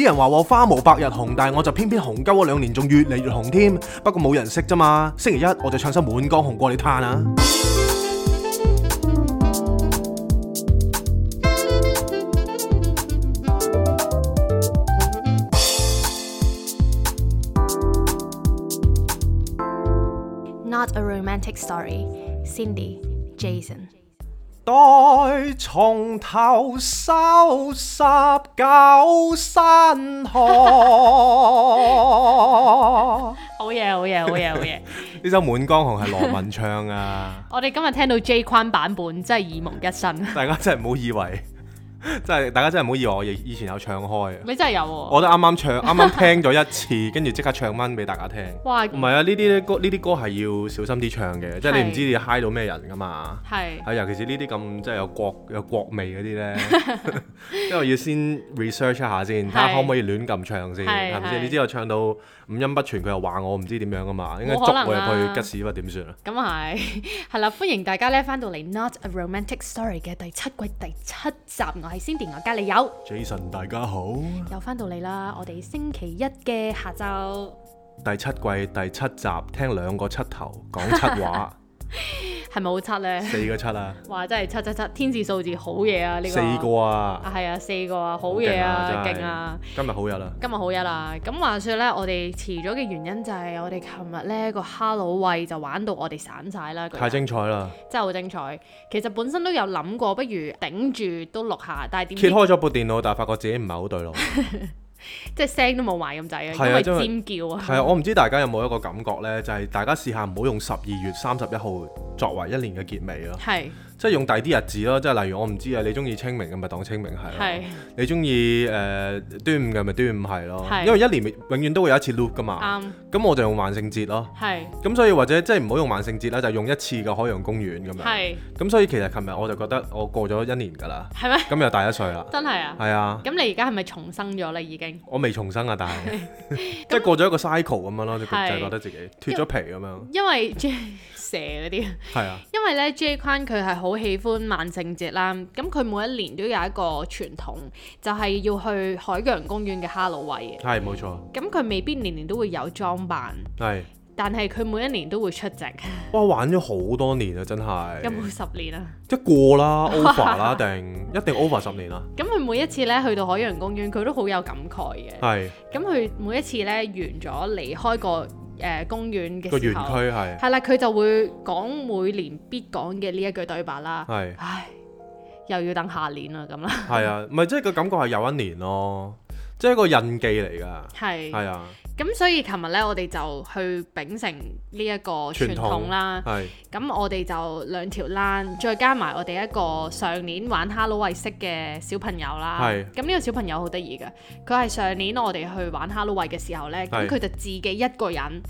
啲人話我花無百日紅，但係我就偏偏紅鳩嗰兩年，仲越嚟越紅添。不過冇人識咋嘛？星期一我就唱首《滿江紅》過你嘆啊。Not a romantic story, Cindy, Jason. 待從頭收拾舊山河。好嘢，好嘢，好嘢，好嘢！呢首《滿江紅》係羅文唱啊！ 我哋今日聽到 J Kwan 版本，真係耳目一新。 大家真係唔好以為。真係，大家真係唔好以為我以前有唱開啊！你真係有，我都啱啱唱，啱啱聽咗一次，跟住即刻唱翻俾大家聽。唔係啊，呢啲歌呢啲歌係要小心啲唱嘅，即係你唔知你嗨到咩人噶嘛。係。尤其是呢啲咁即係有國有國味嗰啲咧，因為要先 research 一下先，睇下可唔可以亂咁唱先，係咪先？你知道唱到五音不全，佢又話我唔知點樣啊嘛，應該捉我入去吉屎忽點算啊？咁啊係，係啦，歡迎大家咧翻到嚟《Not A Romantic Story》嘅第七季第七集。我係 Cindy，我隔離有 Jason，大家好，又翻到嚟啦！我哋星期一嘅下晝，第七季第七集，聽兩個七頭講七話。 係咪好七咧？四個七啊！哇，真係七七七！天使數字數字好嘢啊！呢、這個四個啊，係啊，四、啊、個啊，好嘢啊，勁是啊！今日好日啦！今日好日啦！咁、嗯、話說咧，我哋遲咗嘅原因就係我哋琴日咧個哈囉喂就玩到我哋散晒啦，太精彩啦！真係好精彩。其實本身都有諗過，不如頂住都錄下，但係點？揭開咗部電腦，但係發覺自己唔係好對路。 即係聲都冇埋咁滯，啊、因為尖叫啊！係、就係、 啊，我唔知大家有冇一個感覺呢？就係、係、大家試下唔好用十二月三十一號作為一年嘅結尾咯。係。即係用第啲日子咯，即係例如我唔知啊，你中意清明嘅咪當清明係咯，你中意誒端午嘅咪端午係咯，因為一年永遠都會有一次 loop 噶嘛。啱。咁我就用萬聖節咯。係。咁所以或者即係唔好用萬聖節啦，就用一次嘅海洋公園咁樣。係。咁所以其實琴日我就覺得我過咗一年㗎啦。係咩？咁又大一歲啦。真係啊！係啊。咁你而家係咪重生咗咧？已經？我未重生啊，但係即係過咗一個 cycle 咁樣咯，就係覺得自己脫咗皮咁樣。因為蛇嗰啲，啊、因為咧 CJ 佢係好喜歡萬聖節啦，咁佢每一年都有一個傳統，就係、是、要去海洋公園嘅哈囉喂。嘅，係冇錯。咁佢未必年年都會有裝扮，係是，但係佢每一年都會出席。哇！玩咗好多年啦，真係有冇十年啊？即過啦，over 啦，定 一定 over 十年啦。咁佢每一次咧去到海洋公園，佢都好有感慨嘅。係是。咁佢每一次咧完咗離開個誒、呃、公園嘅時候，個園區係係啦，佢就會講每年必講嘅呢一句對白啦。係，唉，又要等下年啦，咁啦。係啊，唔係即係個感覺係又一年咯，即係個印記嚟噶。係，係啊。咁所以琴日咧，我哋就去秉承呢一個傳統啦。咁我哋就兩條欄，再加埋我哋一個上年玩哈囉喂識嘅小朋友啦。咁呢是個小朋友好得意嘅，佢係上年我哋去玩哈囉喂嘅時候咧，咁佢是就自己一個人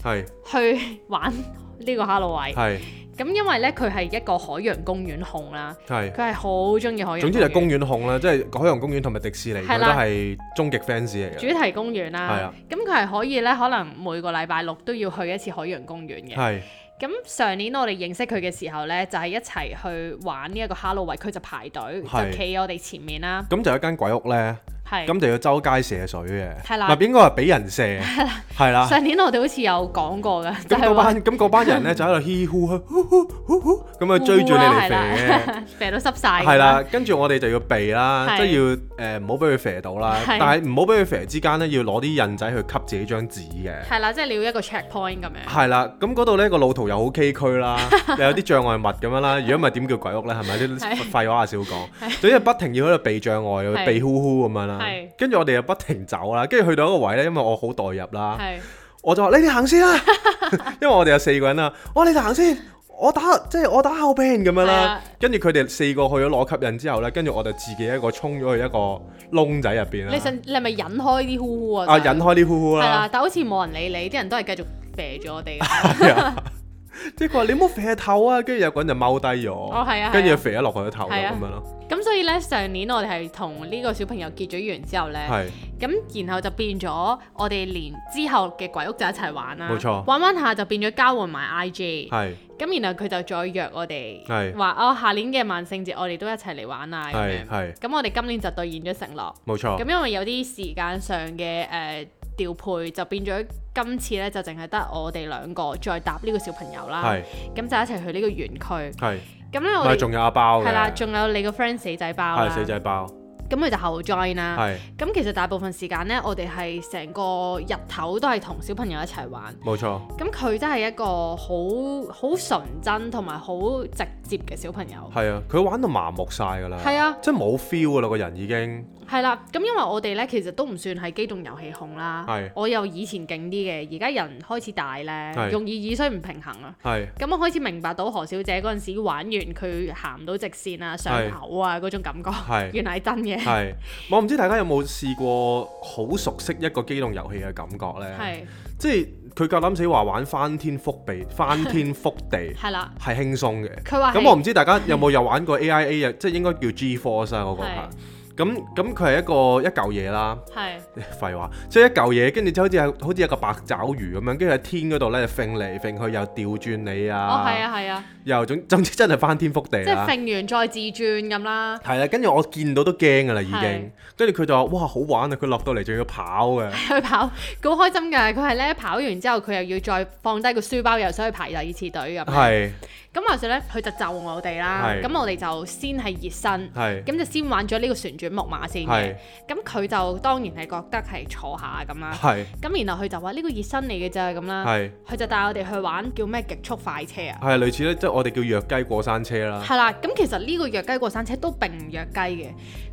去玩是。 呢個哈囉喂，係咁，因為咧佢係一個海洋公園控啦，係佢係好中意海洋。總之就係公園控啦，即係海洋公園同埋迪士尼，覺得係終極 fans 嚟嘅。主題公園啦，係啊，咁佢係可以咧，可能每個禮拜六都要去一次海洋公園嘅。係，咁上年我哋認識佢嘅時候咧，就係一齊去玩呢一個哈囉喂，佢就排隊，是就企喺我哋前面啦，啊。咁就有一間鬼屋咧。係，咁就要周街射水嘅，嗱，邊個話俾人射？係啦，上年我哋好似有講過嘅。咁嗰班，咁嗰班人咧就喺度嘻呼呼呼，咁啊追住你嚟射嘅，射到濕晒。係啦，跟住我哋就要避啦，即係要誒唔好俾佢射到啦，但係唔好俾佢射之間咧，要攞啲印仔去吸自己張紙嘅。係啦，即係你要一個 check point 咁樣。係啦，咁嗰度咧，個路途又好崎嶇啦，又有啲障礙物咁樣啦，如果唔係點叫鬼屋咧？係咪？啲廢話少講，總之不停要喺度避障礙，避呼呼咁樣啦。係，跟住我哋又不停走啦，跟住去到一個位咧，因為我好代入啦，我就話你哋行先啦，因為我哋有四個人啦，我話你哋行先，我打即係我打後邊咁樣啦，跟住佢哋四個去咗攞吸引之後咧，跟住我就自己一個衝咗去一個窿仔入邊啦。你順你係咪引開啲呼呼啊？啊引開啲呼呼啦。係啦，但好似冇人理你，啲人都係繼續肥咗我哋。即係佢話你冇肥頭啊，跟住有個人就踎低咗，哦係啊，跟住就肥咗落去個頭咁樣咯。咁所以咧，上年我哋係同呢個小朋友結咗緣之後咧，咁是然後就變咗我哋連之後嘅鬼屋就一齊玩啦。冇錯，玩玩下就變咗交換埋 IG。係，咁然後佢就再約我哋，話我是、哦、下年嘅萬聖節我哋都一齊嚟玩啊。係，係。咁我哋今年就兌現咗承諾。冇錯。咁因為有啲時間上嘅誒、呃、調配就，就變咗今次咧就淨係得我哋兩個再搭呢個小朋友啦。係是。咁就一齊去呢個園區。係是。咁咧，我係啦，仲有，有你個 friend 死仔包啦，死仔包。咁佢就後 join 啦。咁是的 其實大部分時間咧，我哋係成個日頭都係同小朋友一齊玩。冇沒錯。咁佢真係一個好好純真同埋好直接嘅小朋友。係啊，佢玩到麻木晒㗎啦。係啊，即係冇 feel 㗎啦，個人已經。係啦，咁因為我哋咧，其實都唔算係機動遊戲控啦。係，我又以前勁啲嘅，而家人開始大咧，容易耳水不平衡啦。係，咁我開始明白到何小姐嗰陣時玩完佢行唔到直線啊、上頭啊嗰種感覺，係原來係真嘅。係，我唔知大家有冇試過好熟悉一個機動遊戲嘅感覺咧？係，即係佢夠膽死話玩翻天覆地，翻天覆地，係啦，係輕鬆嘅。佢話咁，我唔知大家有冇又玩過 A I A 啊，即係應該叫 G f o u r 啊，我覺咁咁佢係一個一嚿嘢啦，係，廢話，即係一嚿嘢，跟住就好似好似一個八爪魚咁樣，跟住喺天嗰度咧，揈嚟揈去又調轉你啊！哦，係啊，係啊，又總總之真係翻天覆地，即係揈完再自轉咁啦。係啦、嗯，跟住我見到都驚噶啦，已經。係。跟住佢就話：哇，好玩啊！佢落到嚟仲要跑嘅、啊，佢跑，佢好開心㗎。佢係咧跑完之後，佢又要再放低個書包，又想去排第二次隊咁。係。係。係。咁話說咧，佢就就我哋啦。咁我哋就先係熱身，咁就先玩咗呢個旋轉木馬先。咁佢就當然係覺得係坐下咁啦。咁然後佢就話呢個熱身嚟嘅啫咁啦。佢就帶我哋去玩叫咩極速快車啊？係類似咧，即係我哋叫弱雞過山車啦。係啦，咁其實呢個弱雞過山車都並唔弱雞嘅。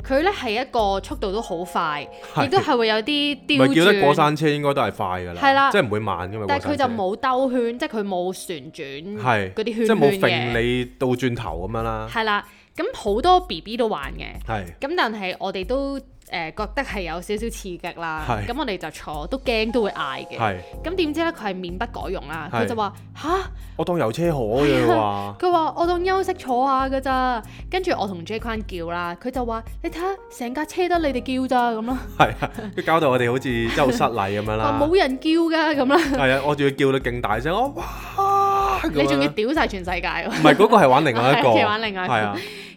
佢咧係一個速度都好快，亦都係會有啲吊住過山車應該都係快㗎啦，即係唔會慢㗎嘛。但係佢就冇兜圈，即係佢冇旋轉，係啲圈揈你到轉頭咁樣啦，係啦，咁好多 B B 都玩嘅，係，咁但係我哋都誒覺得係有少少刺激啦，係，咁我哋就坐，都驚都會嗌嘅，係，咁點知咧佢係面不改容啦，佢就話吓，我當遊車河嘅話，佢話我當休息坐下嘅咋，跟住我同 Jacky 叫啦，佢就話你睇下成架車得你哋叫咋咁咯，係佢搞到我哋好似真係好失禮咁樣啦，冇人叫噶咁啦，係啊，我仲要叫得勁大聲，我哇！你仲要屌晒全世界喎！唔係嗰個係玩另外一個， 玩另外一個。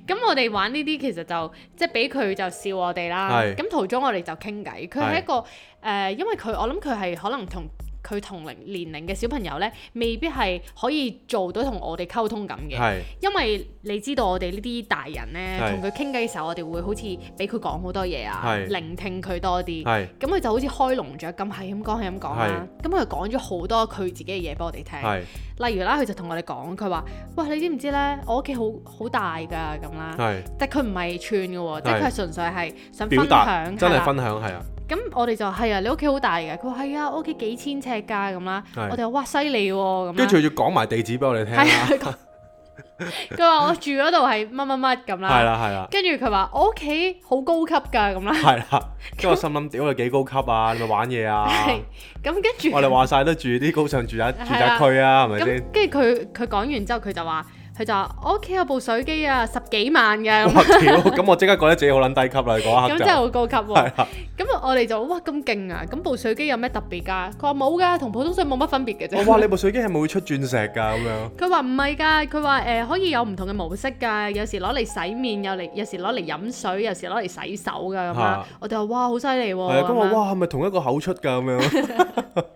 咁、啊、我哋玩呢啲其實就即係俾佢就笑我哋啦。咁是途中我哋就傾偈，佢係一個誒是、呃，因為佢我諗佢係可能同。佢同齡年齡嘅小朋友呢，未必係可以做到同我哋溝通咁嘅，因為你知道我哋呢啲大人呢，同佢傾偈嘅時候，我哋會好似俾佢講好多嘢啊，聆聽佢多啲，咁佢就好似開籠雀咁，係咁講係咁講啦，咁佢講咗好多佢自己嘅嘢俾我哋聽，例如啦，佢就同我哋講，佢話，喂，你知唔知呢？我屋企好好大㗎，咁啦，即係佢唔係串㗎喎，即係佢係純粹係想分享，真係分享，係啊。咁我哋就係啊，你屋企好大嘅，佢話係啊，屋企幾千尺㗎咁啦。我哋話哇，犀利喎咁。跟住仲要講埋地址俾我哋聽啦。佢話我住嗰度係乜乜乜咁啦。係啦係啦。跟住佢話我屋企好高級㗎咁啦。係啦。跟住我心諗屌佢幾高級啊？你咪玩嘢啊？咁跟住我哋話晒都住啲高尚住宅住宅區啊，係咪先？跟住佢佢講完之後，佢就話。佢就話：我屋企有部水機啊，十幾萬嘅。咁我即刻覺得自己好撚低級啦！嗰一刻。咁真係好高級喎！咁我哋就哇咁勁啊！咁的、啊、部水機有咩特別㗎，啊？佢話冇㗎，同普通水冇乜分別嘅啫。我話你部水機係咪會出鑽石㗎？咁樣。 佢話唔係㗎，佢話誒可以有唔同嘅模式㗎，有時攞嚟洗面，有嚟有時攞嚟飲水，有時攞嚟洗手㗎咁樣。的我哋話哇好犀利喎！咁我話哇係咪同一個口出㗎咁樣？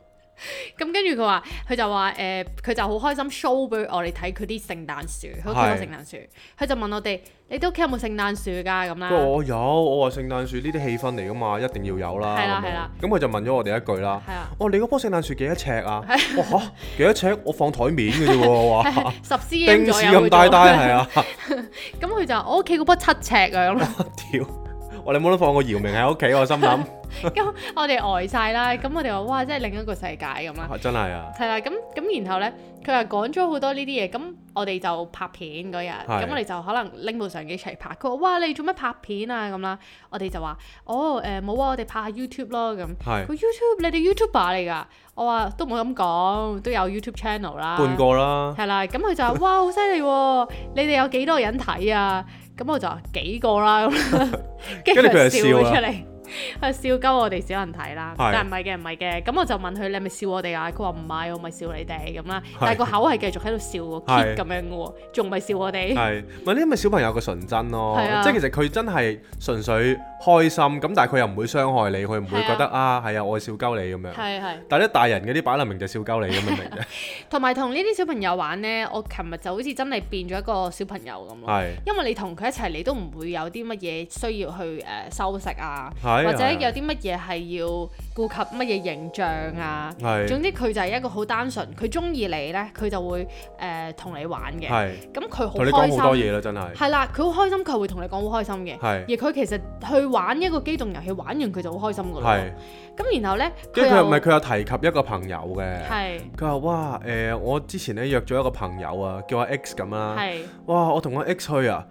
咁跟住佢話，佢就話誒，佢就好開心 show 俾我哋睇佢啲聖誕樹，佢屋企個聖誕樹。佢就問我哋：你哋屋企有冇聖誕樹噶？咁啦。不過我有，我話聖誕樹呢啲氣氛嚟噶嘛，一定要有啦。係啦係啦。咁佢就問咗我哋一句啦。係啊。哦，你嗰棵聖誕樹幾多尺啊？哇吓，幾多尺？我放台面嘅啫喎，話。十 CM 咁大大，係啊。咁佢就我屋企嗰棵七尺啊，咁我哇！屌，我哋冇得放個姚明喺屋企，我心諗。咁 我哋呆晒啦，咁我哋話：哇，真係另一個世界咁啦、啊！真係啊，係啦。咁咁，然後咧，佢又講咗好多呢啲嘢。咁我哋就拍片嗰日，咁是的 我哋就可能拎部相機出嚟拍。佢話：哇，你做咩拍片啊？咁啦，我哋就話：哦，誒冇啊，我哋拍下 YouTube 咯。咁佢 YouTube，你哋 YouTuber 嚟噶。我話都唔好咁講，都有 YouTube channel 啦，半個啦。係、嗯、啦，咁佢就話：哇，好犀利喎！你哋有幾多人睇啊？咁、 嗯、我就話幾個啦、啊。咁跟住佢就笑出嚟。係笑鳩我哋少人睇啦，但係唔係嘅，唔係嘅，咁我就問佢，你係咪笑我哋啊？佢話唔係，我咪笑你哋咁啦。但係個口係繼續喺度笑嘅，咁樣嘅喎，仲咪笑我哋。係，唔係呢？咪小朋友嘅純真咯，即係其實佢真係純粹開心咁，但係佢又唔會傷害你，佢唔會覺得啊，係啊，我係笑鳩你咁樣。係係。但係啲大人嗰啲擺明就笑鳩你咁樣嘅啫。同埋同呢啲小朋友玩呢，我琴日就好似真係變咗一個小朋友咁咯。係。因為你同佢一齊，你都唔會有啲乜嘢需要去誒收拾啊。或者有啲乜嘢係要顧及乜嘢形象啊？是總之佢就係一個好單純，佢中意你咧，佢就會誒同、呃、你玩嘅。係是，咁佢好開心多嘢啦，真係。係啦，佢好開心，佢會同你講好開心嘅。係，是而佢其實去玩一個機動遊戲，玩完佢就好開心㗎喇。係是，咁然後咧，即係佢唔係佢有提及一個朋友嘅。係是，佢話是哇誒、呃，我之前咧約咗一個朋友啊，叫阿 X 咁啦。係是，哇，我同阿 X 去啊。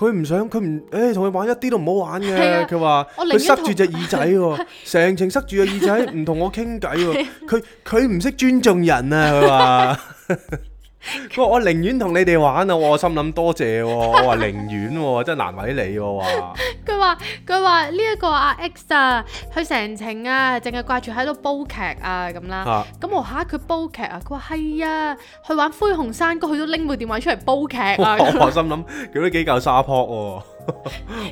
佢唔想，佢唔，誒同佢玩一啲都唔好玩嘅，佢話的，佢說塞住隻耳仔喎，成 程塞住個耳仔，唔同我傾偈喎，佢佢唔識尊重人啊，佢話 的。 我我寧願同你哋玩啊！我心諗多謝、啊、我話寧願喎， 真係難為你喎、啊。佢話佢話呢一個阿 X 啊，佢成程啊，淨係掛住喺度煲劇啊咁啦。咁、啊、我吓佢煲劇啊，佢話係啊，去玩灰熊山谷，佢都拎部電話出嚟煲劇，我心諗佢都幾嚿沙坡。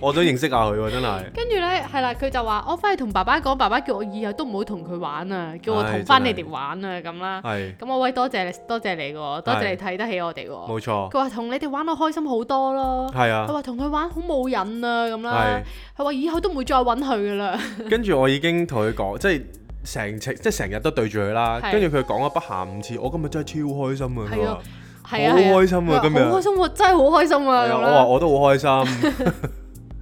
我都認識下佢喎，真係。跟住呢，係啦，佢就話我翻去同爸爸講，爸爸叫我以後都唔好同佢玩啊，叫我同翻你哋玩啊咁啦。係。咁我喂，多謝你多謝你喎，多謝你睇得起我哋喎。冇錯。佢話同你哋玩得開心好多咯。係啊。佢話同佢玩好冇癮啊咁啦。係。佢話以後都唔會再揾佢噶啦。跟住我已經同佢講，即係成即係成日都對住佢啦。跟住佢講咗不下五次，我今日真係超開心啊。係啊。好開心啊！啊，今日好開心，我真係好開心啊！係啊，我話我都好開心，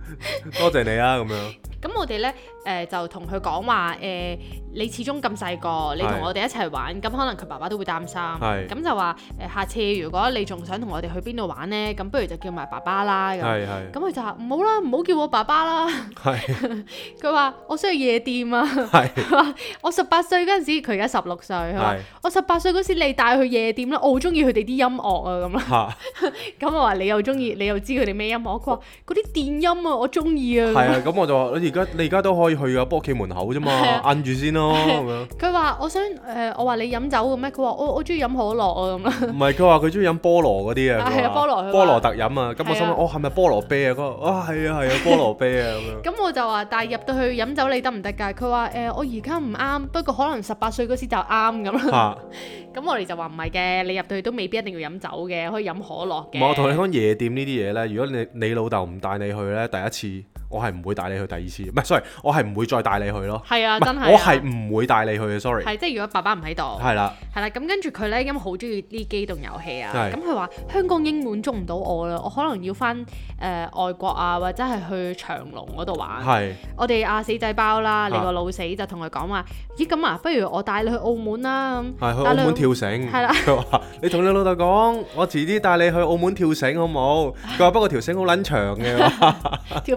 多謝你啊！咁樣。咁我哋咧、哎，誒就同佢講話，誒你始終咁細個，你同我哋一齊玩，咁可能佢爸爸都會擔心，咁就話誒下次如果你仲想同我哋去邊度玩咧，咁不如就叫埋爸爸啦。咁，咁佢就話唔好啦，唔好叫我爸爸啦。佢話我需要夜店啊。我十八歲嗰陣時，佢而家十六歲。我十八歲嗰時，你帶去夜店啦，我好中意佢哋啲音樂啊咁啦。咁我話你又中意，你又知佢哋咩音樂？佢話嗰啲電音啊，我中意啊。咁我就而家你而家都可以去噶，屋企門口啫嘛，啊、按住先咯。佢話、啊啊呃：我想誒，我話你飲酒嘅咩？佢話：我我中意飲可樂啊咁樣。唔係，佢話佢中意飲菠蘿嗰啲啊。係說啊，菠蘿菠蘿特飲啊。咁、啊、我心諗：哦，係咪菠蘿啤啊？佢話：啊，係啊係啊，啊，菠蘿啤啊咁樣。咁 我就話：但係入到去飲酒你得唔得㗎？佢話：誒、呃，我而家唔啱，不過可能十八歲嗰時就啱咁啦。咁、啊、 我哋就話唔係嘅，你入到去都未必一定要飲酒嘅，可以飲可樂嘅。唔係、啊，我同你講夜店呢啲嘢咧，如果你你老豆唔帶你去咧，第一次。我係唔會帶你去第二次，唔係 sorry，我係唔會再帶你去咯。係啊，真係我係唔會帶你去嘅，sorry。即係如果爸爸唔喺度，係啦，係啦，咁跟住佢呢，因為好中意啲機動遊戲啊，咁佢話香港已經滿足唔到我啦，我可能要翻誒外國啊，或者係去長隆嗰度玩。我哋阿死仔包啦，你個老死就同佢講話，咦咁啊，不如我帶你去澳門啦咁，係去澳門跳繩，係啦，你同你老豆講，我遲啲帶你去澳門跳繩好冇？佢話不過條繩好撚長嘅，跳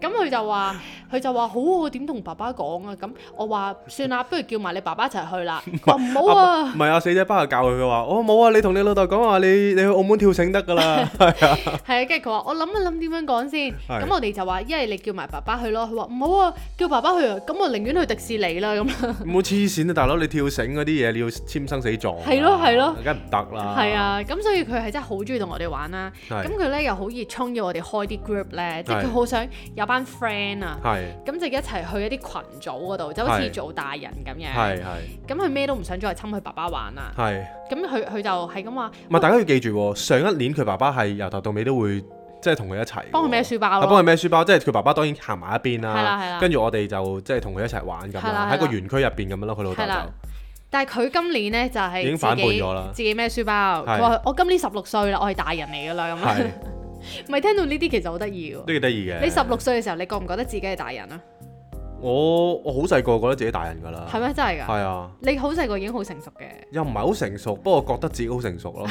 咁佢就話，佢就話好，我點同爸爸講啊？咁我話算啦，不如叫埋你爸爸一齊去啦。話唔好啊，唔係啊，死仔班又教佢佢話，我冇啊，你同你老豆講話，你你去澳門跳繩得㗎啦，係啊，係啊，跟住佢話我諗一諗點樣講先。咁我哋就話一係你叫埋爸爸去咯。佢話唔好啊，叫爸爸去啊，咁我寧願去迪士尼啦咁。唔好黐線啊，大佬，你跳繩嗰啲嘢你要簽生死狀，係咯係咯，梗係唔得啦。係啊，咁所以佢係真係好中意同我哋玩啦。咁佢咧又好熱衷要我哋開啲 group 咧，即係佢好想有。班 friend 啊，咁就一齊去一啲群組嗰度，就好似做大人咁樣。咁佢咩都唔想再侵佢爸爸玩啦。咁佢佢就係咁話。唔係，大家要記住，上一年佢爸爸係由頭到尾都會即係同佢一齊，幫佢孭書包。係幫佢孭書包，即係佢爸爸當然行埋一邊啦。跟住我哋就即係同佢一齊玩咁啦，喺個園區入邊咁樣咯。佢老豆就，但係佢今年呢，就係已經反叛咗啦，自己孭書包。佢話：我今年十六歲啦，我係大人嚟㗎啦咁樣。唔係聽到呢啲其實好得意嘅，都幾得意嘅。你十六歲嘅時候，你覺唔覺得自己係大人啊？我我好細個覺得自己大人㗎啦。係咩？真係㗎？係啊。你好細個已經好成熟嘅。又唔係好成熟，不過覺得自己好成熟咯。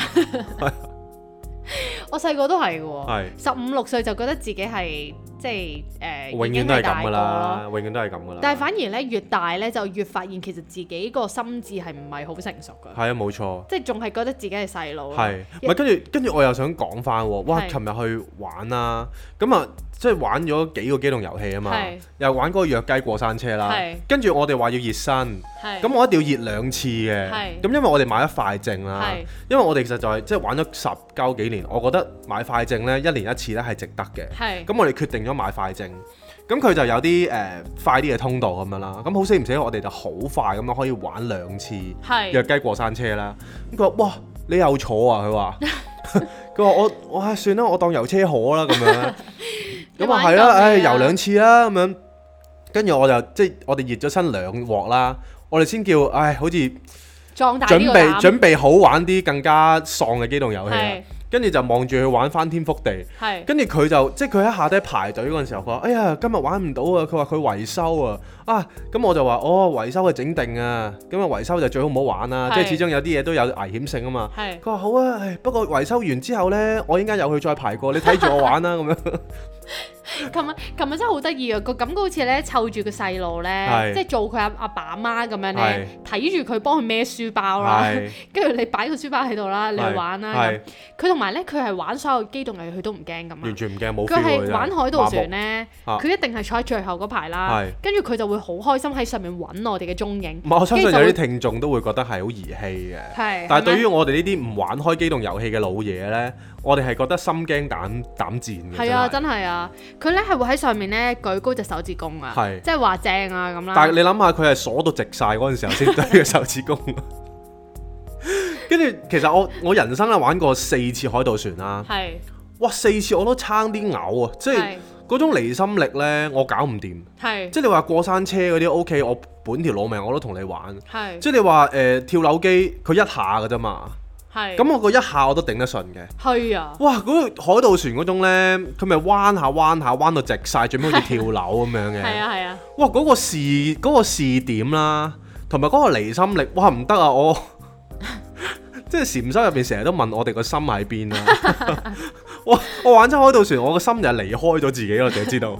我細個都係喎。係。十五六歲就覺得自己係。即係誒，永遠都係咁噶啦，永遠都係咁噶啦。但係反而咧，越大咧就越發現其實自己個心智係唔係好成熟噶。係啊，冇錯。即係仲係覺得自己係細路。係，唔係跟住跟住我又想講翻喎，哇！琴日去玩啦，咁啊，即係玩咗幾個機動遊戲啊嘛，又玩嗰個弱雞過山車啦。係。跟住我哋話要熱身，係。咁我一定要熱兩次嘅，係。咁因為我哋買咗快證啦，係。因為我哋其實就係即係玩咗十鳩幾年，我覺得買快證咧一年一次咧係值得嘅，係。咁我哋決定咗。買快證，咁佢就有啲誒、呃、快啲嘅通道咁樣啦，咁好死唔死，我哋就好快咁樣可以玩兩次，係弱雞過山車啦。咁佢話：哇，你又坐啊？佢話：佢話 我，哇，算啦，我當遊車河啦咁樣。咁 啊係啦，唉，遊、哎、兩次啦、啊、咁樣。跟住我就即係我哋熱咗身兩鑊啦，我哋先叫，唉，好似準備準備好玩啲更加喪嘅機動遊戲。跟住就望住佢玩翻天覆地，跟住佢就即係佢喺下底排隊嗰陣時候，佢話：哎呀，今日玩唔到啊！佢話佢維修啊。啊，咁我就話：哦，維修係整定啊，咁啊維修就最好唔好玩啦，即係始終有啲嘢都有危險性啊嘛。係。佢話好啊，不過維修完之後咧，我應該有去再排過，你睇住我玩啦咁樣。琴日琴日真係好得意啊！個感覺好似咧，湊住個細路咧，即係做佢阿阿爸媽咁樣咧，睇住佢幫佢孭書包啦，跟住你擺個書包喺度啦，你去玩啦。佢同埋咧，佢係玩所有機動遊戲佢都唔驚咁啊。完全唔驚，冇。佢係玩海盜船咧，佢一定係坐喺最後嗰排啦，跟住佢就會，會好開心喺上面揾我哋嘅蹤影。唔係，我相信有啲聽眾都會覺得係好兒戲嘅。係是，但係對於我哋呢啲唔玩開機動遊戲嘅老嘢呢，嗎我哋係覺得心驚膽膽戰嘅。係啊，真係啊，佢呢係會喺上面呢舉高隻手指公啊，即係話正啊咁啦。但係你諗下，佢係鎖到直晒嗰陣時候先對個手指公。跟住，其實我我人生啊玩過四次海盜船啦，啊。係是。哇！四次我都撐啲嘔啊，即係。嗰種離心力呢，我搞唔掂。係是，即係你話過山車嗰啲 OK，我本條老命我都同你玩。係是，即係你話誒、呃、跳樓機，佢一下嘅啫嘛。係是。咁我個一下我都頂得順嘅。係啊！哇，嗰、那個海盜船嗰種呢，佢咪彎下彎下彎到直晒，最尾好似跳樓咁樣嘅。係啊係啊。 啊哇！嗰、那個視嗰、那個視點啦，同埋嗰個離心力，哇唔得啊！我 即係禪修入邊成日都問我哋個心喺邊啊。 我我玩咗開到船，我個心就離開咗自己咯，就知道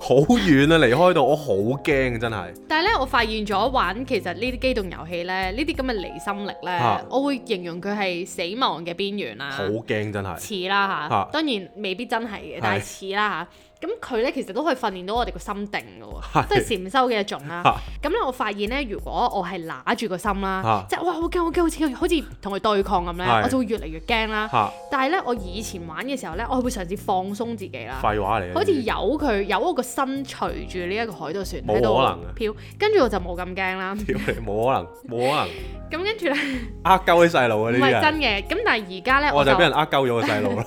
好遠啦，離、 啊、開到我好驚，真係。但係咧，我發現咗玩其實機呢啲機動遊戲咧，呢啲咁嘅離心力咧，啊、我會形容佢係死亡嘅邊緣啦，好驚真係。似啦吓，當然未必真係嘅，但係似啦吓。咁佢咧其實都可以訓練到我哋個心定嘅喎，即係禪修嘅一種啦。咁咧，我發現咧，如果我係揦住個心啦，即係哇好驚好驚，好似好似同佢對抗咁咧，我就會越嚟越驚啦。但係咧，我以前玩嘅時候咧，我係會嘗試放鬆自己啦。廢話嚟，好似由佢由我個心隨住呢一個海盜船喺度漂，跟住我就冇咁驚啦。冇可能，冇可能。咁跟住咧，呃鳩啲細路嗰啲唔係真嘅。咁但係而家咧，我就俾人呃鳩咗個細路啦。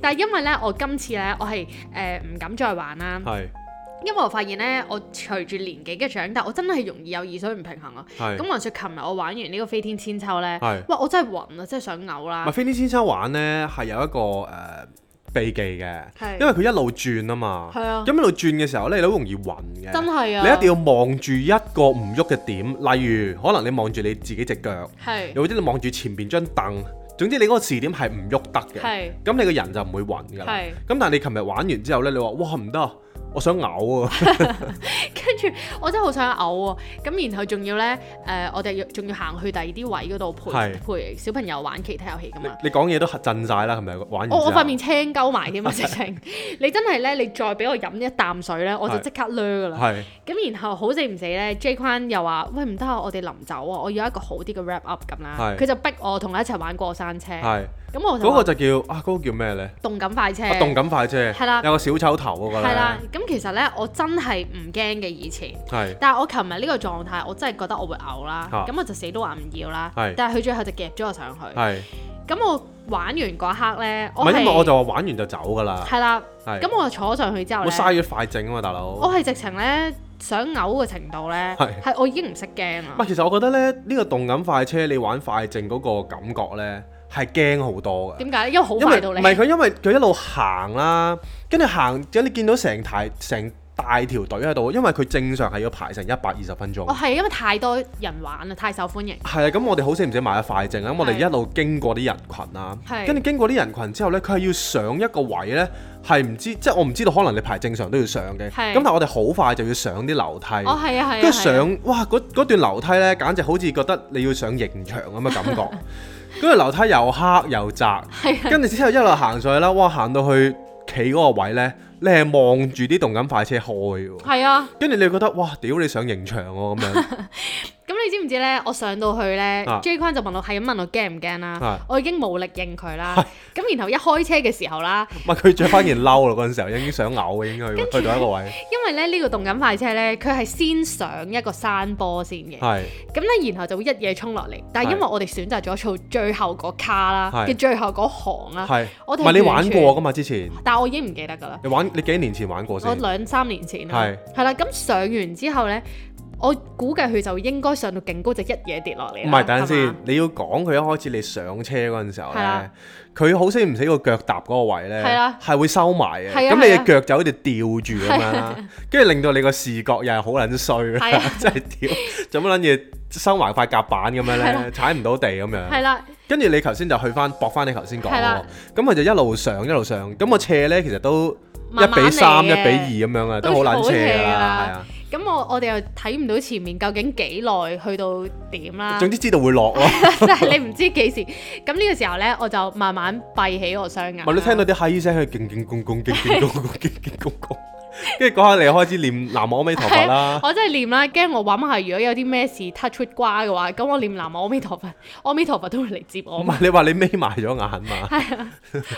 但係因為咧，我今次咧，我係誒唔。咁再玩啦，係是，因為我發現咧，我隨住年紀嘅長大，我真係容易有耳水唔平衡啊。咁話是說，琴日我玩完呢個飛天千秋咧，係是，哇，我真係暈啊，真係想嘔啦。唔係飛天千秋玩咧，係有一個誒、呃、秘技嘅，係是，因為佢一路轉啊嘛，係啊，咁一路轉嘅時候咧，你好容易暈嘅，真係啊，你一定要望住一個唔喐嘅點，例如可能你望住你自己隻腳，係是，又或者你望住前邊張凳。總之你嗰個詞典係唔喐得嘅，咁是你個人就唔會暈㗎啦。咁是但係你琴日玩完之後咧，你話哇，唔得。我想嘔喎，跟住我真係好想嘔喎、啊，咁然後仲要咧，誒我哋仲要行去第二啲位嗰度陪是陪小朋友玩其他遊戲噶嘛。你講嘢都震晒啦，係咪？玩完。我我塊面青鳩埋添嘛。直情，你真係咧，你再俾我飲一啖水咧，我就即刻掠㗎啦。係是。咁然後好死唔死咧 Jaycon 又話：，喂唔得啊，我哋臨走啊，我要一個好啲嘅 wrap up 咁啦。佢是就逼我同佢一齊玩過山車。是是嗰個就叫啊，嗰個叫咩咧？動感快車。動感快車係啦，有個小抽頭嗰個。係啦，咁其實咧，我真係唔驚嘅以前。係。但係我琴日呢個狀態，我真係覺得我會嘔啦。咁我就死都話唔要啦。但係佢最後就夾咗我上去。係。咁我玩完嗰刻咧，我係因為我就話玩完就走㗎啦。係啦。係。咁我就坐上去之後我嘥咗快靜啊，大佬。我係直情咧想嘔嘅程度咧，係我已經唔識驚啦。唔其實我覺得咧，呢個動感快車你玩快靜嗰個感覺咧。係驚好多嘅。點解？因為好快到你。唔係佢，因為佢一路行啦，跟住行，即係你見到成排、成大條隊喺度。因為佢正常係要排成一百二十分鐘。哦，係因為太多人玩啊，太受歡迎。係啊，咁我哋好死唔死買咗快證啊！我哋一路經過啲人群啦，跟住經過啲人群之後呢，佢係要上一個位呢。係唔知，即係我唔知道，可能你排正常都要上嘅。咁但係我哋好快就要上啲樓梯。哦，係跟住上，哇！嗰段樓梯呢，簡直好似覺得你要上刑場咁嘅感覺。跟住樓梯又黑又窄，跟住之後一路行上去啦，哇！行到去企嗰個位呢，你係望住啲動感快車開嘅喎，係啊，跟住你覺得哇，屌你上刑場喎咁樣。 咁你知唔知咧？我上到去咧，Jay 就問我係咁問我驚唔驚啦。我已經冇力應佢啦。咁然後一開車嘅時候啦，唔係佢着返件褸咯，嗰時候已經想嘔嘅，應該去去到一個位。因為咧呢個動感快車咧，佢係先上一個山坡先嘅。係。咁咧，然後就會一嘢衝落嚟。但係因為我哋選擇咗坐最後個卡啦嘅最後嗰行啦，我哋唔係你玩過噶嘛？之前。但我已經唔記得噶啦。你玩你幾年前玩過先？我兩三年前。係。係啦，咁上完之後咧。我估計佢就應該上到勁高，就一嘢跌落嚟。唔係，等陣先，你要講佢一開始你上車嗰陣時候咧，佢好死唔死個腳踏嗰個位咧，係會收埋嘅。咁你嘅腳就好似吊住咁樣啦，跟住令到你個視覺又係好撚衰嘅，真係吊，做乜撚住收埋塊甲板咁樣咧，踩唔到地咁樣。係啦，跟住你頭先就去翻駁翻你頭先講。係啦，咁佢就一路上一路上咁個斜咧，其實都一比三、一比二咁樣啊，都好撚斜啦，係啊。咁我我哋又睇唔到前面究竟幾耐去到點啦。總之知道會落囉，即係你唔知幾時。咁呢個時候咧，我就慢慢閉起我雙眼。咪你聽到啲閪聲，佢勁勁拱拱，勁勁拱拱，勁勁拱拱，跟住嗰下你開始念南無阿彌陀佛啦。我真係念啦，驚我揾下如果有啲咩事突出瓜嘅話，咁我念南無阿彌陀佛，阿彌陀佛都會嚟接我。唔係你話你眯埋咗眼嘛？係啊，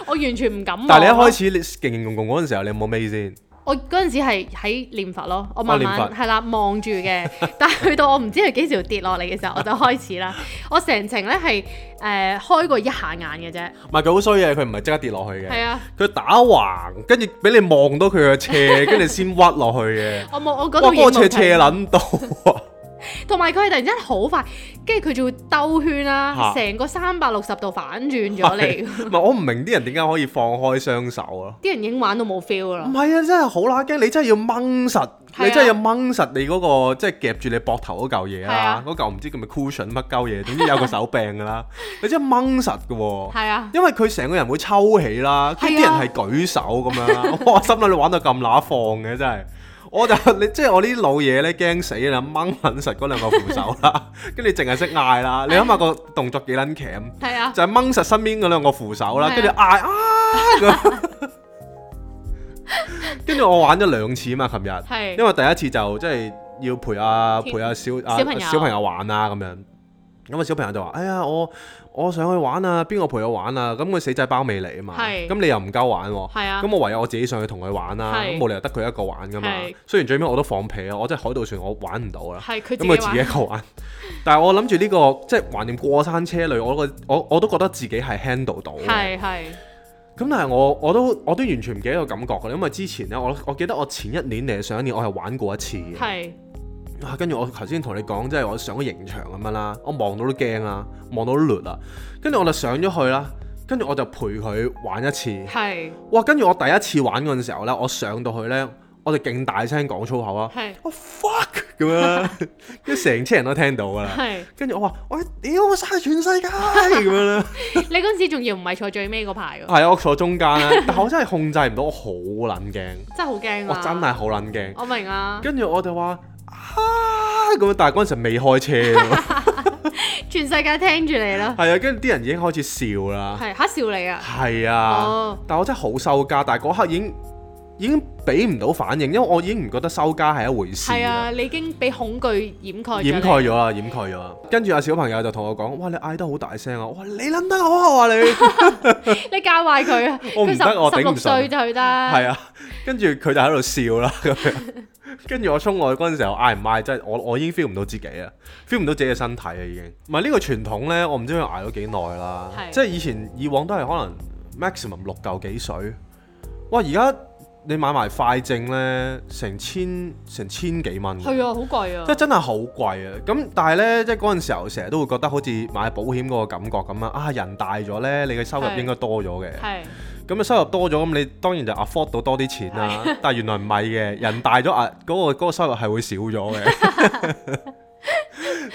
我完全唔敢。但係你一開始你勁勁拱拱嗰陣時候，你有冇眯先？我嗰陣時係喺念佛咯，我慢慢係啦望住嘅，但係去到我唔知佢幾時跌落嚟嘅時候，我就開始啦。我成程咧係誒開過一下眼嘅啫。唔係佢好衰嘅，佢唔係即刻跌落去嘅。係啊的，佢打橫跟住俾你望到佢嘅斜，跟住先屈落去嘅。 我冇我嗰度，嘢冇停。哇！斜撚到 同埋佢係突然間好快，跟住佢就會兜圈啦，成個三百六十度反轉咗嚟。唔係 我唔明啲人點解可以放開雙手咯、啊？啲人已經玩到冇 feel 噶啦。唔係啊，真係好乸驚！你真係要掹實，啊、你真係要掹實你嗰、嗰個即係夾住你膊頭嗰嚿嘢啊，嗰嚿唔知叫咪 cushion 乜鳩嘢，總之有個手柄噶啦， 你真係掹實噶。係啊，啊因為佢成個人會抽起啦，啲人係舉手咁樣。啊、哇，心諗你玩到咁乸放嘅真係。我就你即係我呢啲老嘢咧驚死啦，掹緊實嗰兩個扶手啦，跟住淨係識嗌啦。你諗下個動作幾撚鉗？係啊，就係掹實身邊嗰兩個扶手啦，跟住嗌啊！跟住 我玩咗兩次啊嘛，琴日， 因為第一次就即係、就是、要陪啊，陪阿、啊、小，小啊小朋友玩啊。咁樣，咁啊小朋友就話：哎呀我。我上去玩啊，邊個陪我玩啊？咁佢死仔包未嚟啊嘛，咁是你又唔夠玩喎、啊，咁、啊、我唯有我自己上去同佢玩啦、啊，咁冇是理由得佢一個玩噶嘛。是雖然最尾我都放屁啊，我真係海盜船我玩唔到啦，咁佢自,自己一個玩。但係我諗住呢個即係懷念過山車類，我我我都覺得自己係 handle 到，係咁是但係我我都我都完全唔記得個感覺嘅，因為之前呢，我我記得我前一年嚟，上一年我係玩過一次。跟住我頭先同你講，即係我上咗刑場咁樣啦，我望到都驚啦，望到都慄啦，跟住我就上咗去啦，跟住我就陪佢玩一次。係。哇！跟住我第一次玩嗰陣時候呢，我上到去呢，我就勁大聲講粗口啊，我 fuck 咁樣，跟住成車人都聽到噶啦。跟住我話：我屌我晒全世界咁樣啦。你嗰陣時仲要唔係坐最尾嗰排㗎？係啊，我坐中間啦，但我真係控制唔到，我好撚驚。真係好驚啊！我真係好撚驚。我明啊。跟住我就話。啊咁啊！但係嗰陣未開車， 全世界聽住你啦。係啊，跟住啲人已經開始笑啦，係吓笑你啊。係啊，哦、但係我真係好羞家，但係嗰刻已經已經俾唔到反應，因為我已經唔覺得羞家係一回事。係啊，你已經俾恐懼掩蓋，掩蓋咗啊，掩蓋咗。啊。跟住阿小朋友就同我講：，哇，你嗌得好大聲啊！哇，你諗得好好啊，你 你教壞佢啊！我唔得，我頂唔順十六歲就佢得。係啊，跟住佢就喺度笑啦 跟住我衝落去嗰陣時候，嗌唔嗌真係我我已經 feel 唔到自己啊，feel 唔到自己嘅身體啊已經。唔係呢個傳統呢，我唔知佢捱咗幾耐啦。係。即係以前以往都係可能 maximum 六嚿幾水。哇！而家你買埋快證呢，成千成千幾蚊。係啊，好貴啊。即係真係好貴啊。咁但係呢，即係嗰陣時候成日都會覺得好似買保險嗰個感覺咁啊。啊，人大咗呢，你嘅收入應該多咗嘅。係。咁啊收入多咗咁你當然就 afford 到多啲錢啦，但係原來唔係嘅，人大咗啊嗰個嗰個收入係會少咗嘅，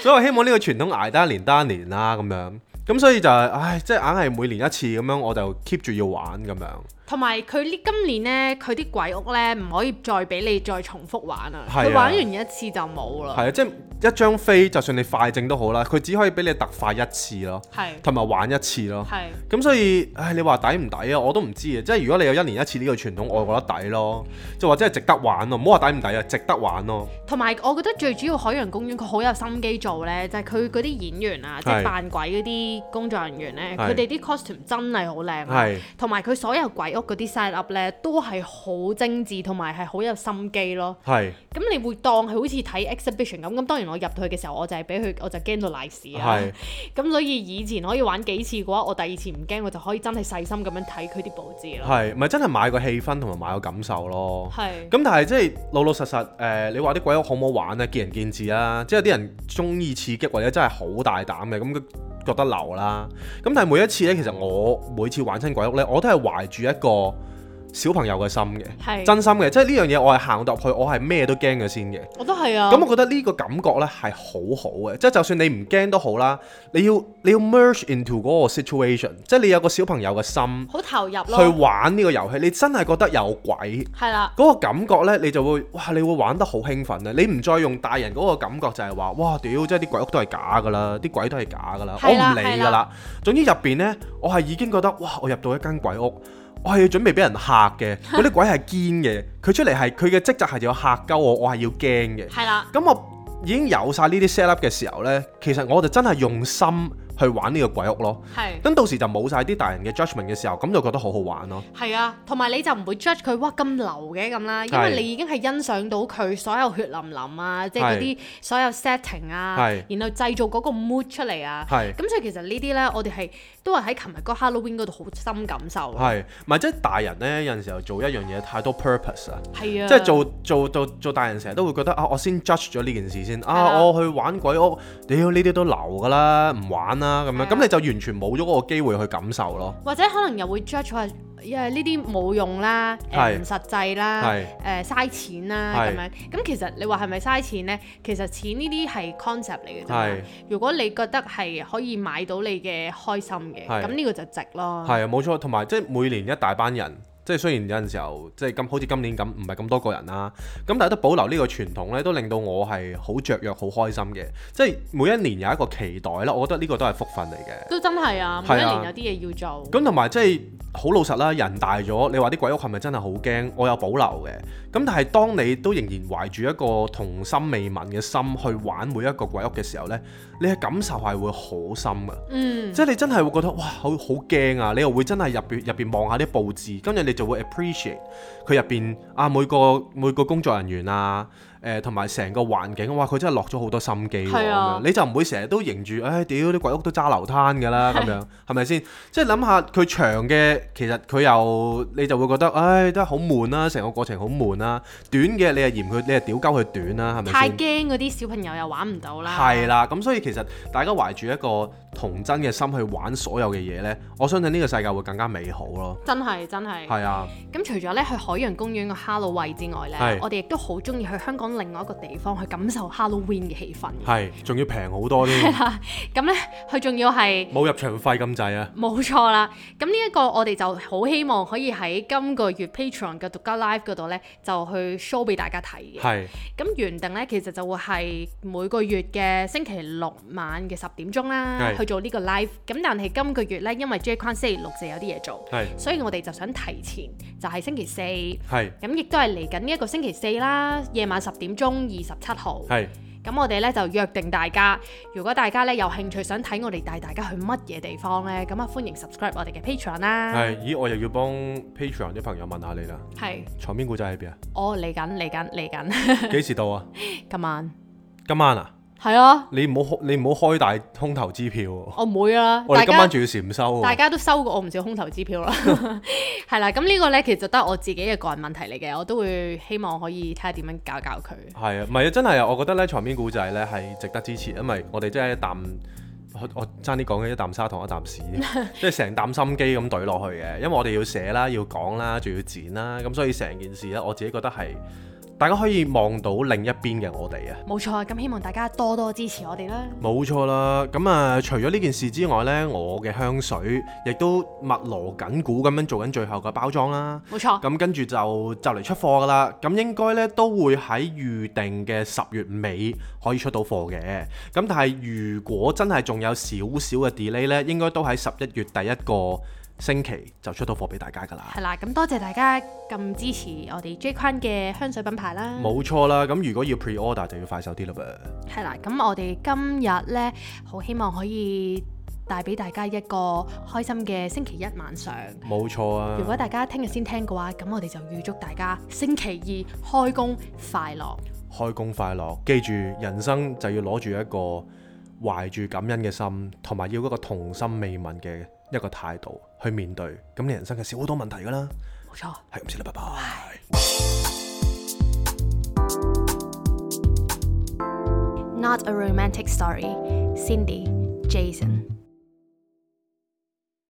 所以我希望呢個傳統捱得一年得一年啦咁樣，咁所以就係唉，即係硬係每年一次咁樣，我就 keep 住要玩咁樣。同埋佢呢今年呢，佢啲鬼屋呢唔可以再俾你再重複玩啊！佢玩完一次就冇啦。係啊，即係一張飛就算你快證都好啦，佢只可以俾你特快一次咯。同埋是玩一次咯。咁是所以，唉，你話抵唔抵啊？我都唔知啊。即係如果你有一年一次呢個傳統、嗯、我覺得抵咯。就或者係值得玩咯。唔好話抵唔抵啊，值得玩咯。同埋我覺得最主要海洋公園佢好有心機做咧，就係佢嗰啲演員啊，是即係扮鬼嗰啲工作人員咧，佢哋啲是 costume 真係好靚係。同埋佢所有鬼屋。嗰啲 set up 咧，都係好精緻，同埋係好有心機咯。係咁是你會當佢好似睇 exhibition 咁。咁當然我入去嘅時候，我就係俾佢，我就驚到賴屎啦。係是。咁所以以前可以玩幾次嘅話，我第二次唔驚，我就可以真係細心咁樣睇佢啲佈置咯。係咪，就是，真係買個氣氛，同埋買個感受咯。係咁是但係即係老老實實誒、呃、你話啲鬼屋好唔好玩啊，見仁見智啊，即係有啲人中意刺激，或者真係好大膽嘅，咁覺得流啦。咁但係每一次咧，其實我每次玩親鬼屋咧，我都係懷住一個。小朋友嘅心嘅，是真心嘅，即係呢樣嘢我係行到入去，我係咩都驚嘅先嘅。我都係啊。咁我覺得呢個感覺呢係好好嘅，即係就算你唔驚都好啦，你要你要 merge into 嗰個 situation，即係你有個小朋友嘅心，好投入去玩呢個遊戲，你真係覺得有鬼係啦。嗰的個感覺呢，你就會哇，你會玩得好興奮啊！你唔再用大人嗰個感覺就，就係話哇屌，即係啲鬼屋都係假噶啦，啲鬼都係假噶啦，的我唔理噶啦。的總之入邊呢，我係已經覺得哇，我入到一間鬼屋。我係要準備俾人嚇嘅，嗰啲鬼係堅嘅，佢 出嚟係佢嘅職責係要嚇鳩我，我係要驚嘅。係啦，咁我已經有晒呢啲 set up 嘅時候呢，其實我就真係用心去玩呢個鬼屋咯。係，咁到時就冇晒啲大人嘅 judgment 嘅時候，咁就覺得好好玩咯。係啊，同埋你就唔會 judge 佢哇咁流嘅咁啦，因為你已經係欣賞到佢所有血淋淋啊，即係嗰啲所有 setting 啊，啊然後製造嗰個 mood 出嚟啊。係、啊，咁所以其實呢啲呢，我哋係。 都係喺琴日嗰 Halloween 嗰度好深感受嘅。係，唔係即係大人呢，有陣時候做一樣嘢太多 purpose 啦。係啊，即係做做到做，做大人成日都會覺得啊，我先 judge 咗呢件事先，啊，啊我去玩鬼屋，屌呢啲都流㗎啦，唔玩啦咁樣，咁、啊、你就完全冇咗嗰個機會去感受咯。或者可能又會 judge 話。因為呢啲冇用啦，誒唔是、呃、實際啦，誒嘥是、呃、錢啦咁是樣。咁其實你話係咪嘥錢咧？其實錢呢啲係 concept 嚟嘅啫嘛。是如果你覺得係可以買到你嘅開心嘅，咁呢是個就值咯。係啊，冇錯，同埋即係每年一大班人，即係雖然有陣時候即係咁，好似今年咁，唔係咁多個人啦、啊。咁但係都保留呢個傳統呢，都令到我係好雀躍、好開心嘅。即係每一年有一個期待啦，我覺得呢個都係福分嚟嘅。都真係啊，每一年有啲嘢要做。咁同埋即係好老實啦，人大咗，你話啲鬼屋係咪真係好驚？我有保留嘅。咁但係當你都仍然懷住一個童心未泯嘅心去玩每一個鬼屋嘅時候呢，你嘅感受係會好深啊。嗯、即係你真係會覺得哇，好好驚啊！你又會真係入邊入邊望下啲佈置，跟住你。你就會 appreciate 佢入邊啊，每個每個工作人員啊。誒同埋成個環境，哇！佢真係落咗好多心機，你就唔會成日都迎住，唉！屌啲鬼屋都揸流灘㗎啦，咁樣係咪先？即係諗下佢長嘅，其實佢又你就會覺得，唉，都係好悶啦，成個過程好悶啦。短嘅你又嫌佢，你又屌鳩佢短啦，係咪？太驚嗰啲小朋友又玩唔到啦。係啦，咁所以其實大家懷住一個童真嘅心去玩所有嘅嘢呢，我相信呢個世界會更加美好咯。真係真係。係啊。咁除咗呢去海洋公園個 Halloween 之外呢，我哋亦都好中意去香港。另外一個地方去感受 Halloween 嘅氣氛，係，仲 要平好多添。係 啦，咁咧佢仲要係冇入場費咁滯啊，冇錯啦。咁呢一個我哋就好希望可以喺今個月 Patreon 嘅獨家 Live 嗰度咧，就去 show 俾大家睇嘅。係是，咁原定咧其實就會係每個月嘅星期六晚嘅十點鐘啦，是去做呢個 Live。咁但係今個月咧，因為 Jackon 星期六就有啲嘢做，係是，所以我哋就想提前，就係、是、星期四，係是，咁亦都係嚟緊呢一個星期四啦，夜晚十。點鐘，二十七號，係咁是我哋咧就約定大家，如果大家咧有興趣想睇我哋帶大家去乜嘢地方咧，咁啊歡迎 subscribe 我哋嘅 Patreon 啦。係，咦我又要幫 Patreon 啲朋友問下你啦。係是，床邊故仔喺邊啊？哦，嚟緊嚟緊嚟緊，幾 時到啊？今晚，今晚啊？係啊！你唔好開，你唔好開大空頭支票。我唔會啊，我哋今晚仲要禪修、啊大。大家都收過我唔少空頭支票啦。係啦、 啊，咁呢個呢，其實得我自己嘅個人問題嚟嘅，我都會希望可以睇下點樣教教佢。係啊，唔係啊，真係啊！我覺得呢牀邊故仔呢，係值得支持，因為我哋真係一啖，我差啲講緊一啖沙糖一啖屎，即係成啖心機咁懟落去嘅。因為我哋要寫啦，要講啦，仲要剪啦，咁所以成件事呢，我自己覺得係。大家可以望到另一邊嘅我哋啊，冇錯，咁希望大家多多支持我哋啦，冇錯啦。咁啊，除咗呢件事之外呢，我嘅香水亦都密鑼緊鼓咁樣做緊最後嘅包裝啦，冇錯。咁跟住就就嚟出貨噶啦，咁應該呢，都會喺預定嘅十月尾可以出到貨嘅。咁但係如果真係仲有少少嘅 delay 呢，應該都喺十一月第一個星期就出到貨俾大家噶啦，係啦，咁多謝大家咁支持我哋 JQuan 嘅香水品牌啦，冇錯啦，咁如果要 pre order 就要快手啲啦噃，係啦，咁我哋今日呢，好希望可以帶俾大家一個開心嘅星期一晚上，冇錯啊！如果大家聽日先聽嘅話，咁我哋就預祝大家星期二開工快樂，開工快樂，記住人生就要攞住一個懷住感恩嘅心，同埋要一個童心未泯嘅。一個態度去面對，咁你人生係少好多問題㗎啦。冇錯，係咁先啦，拜拜。 Not a romantic story. Cindy, Jason.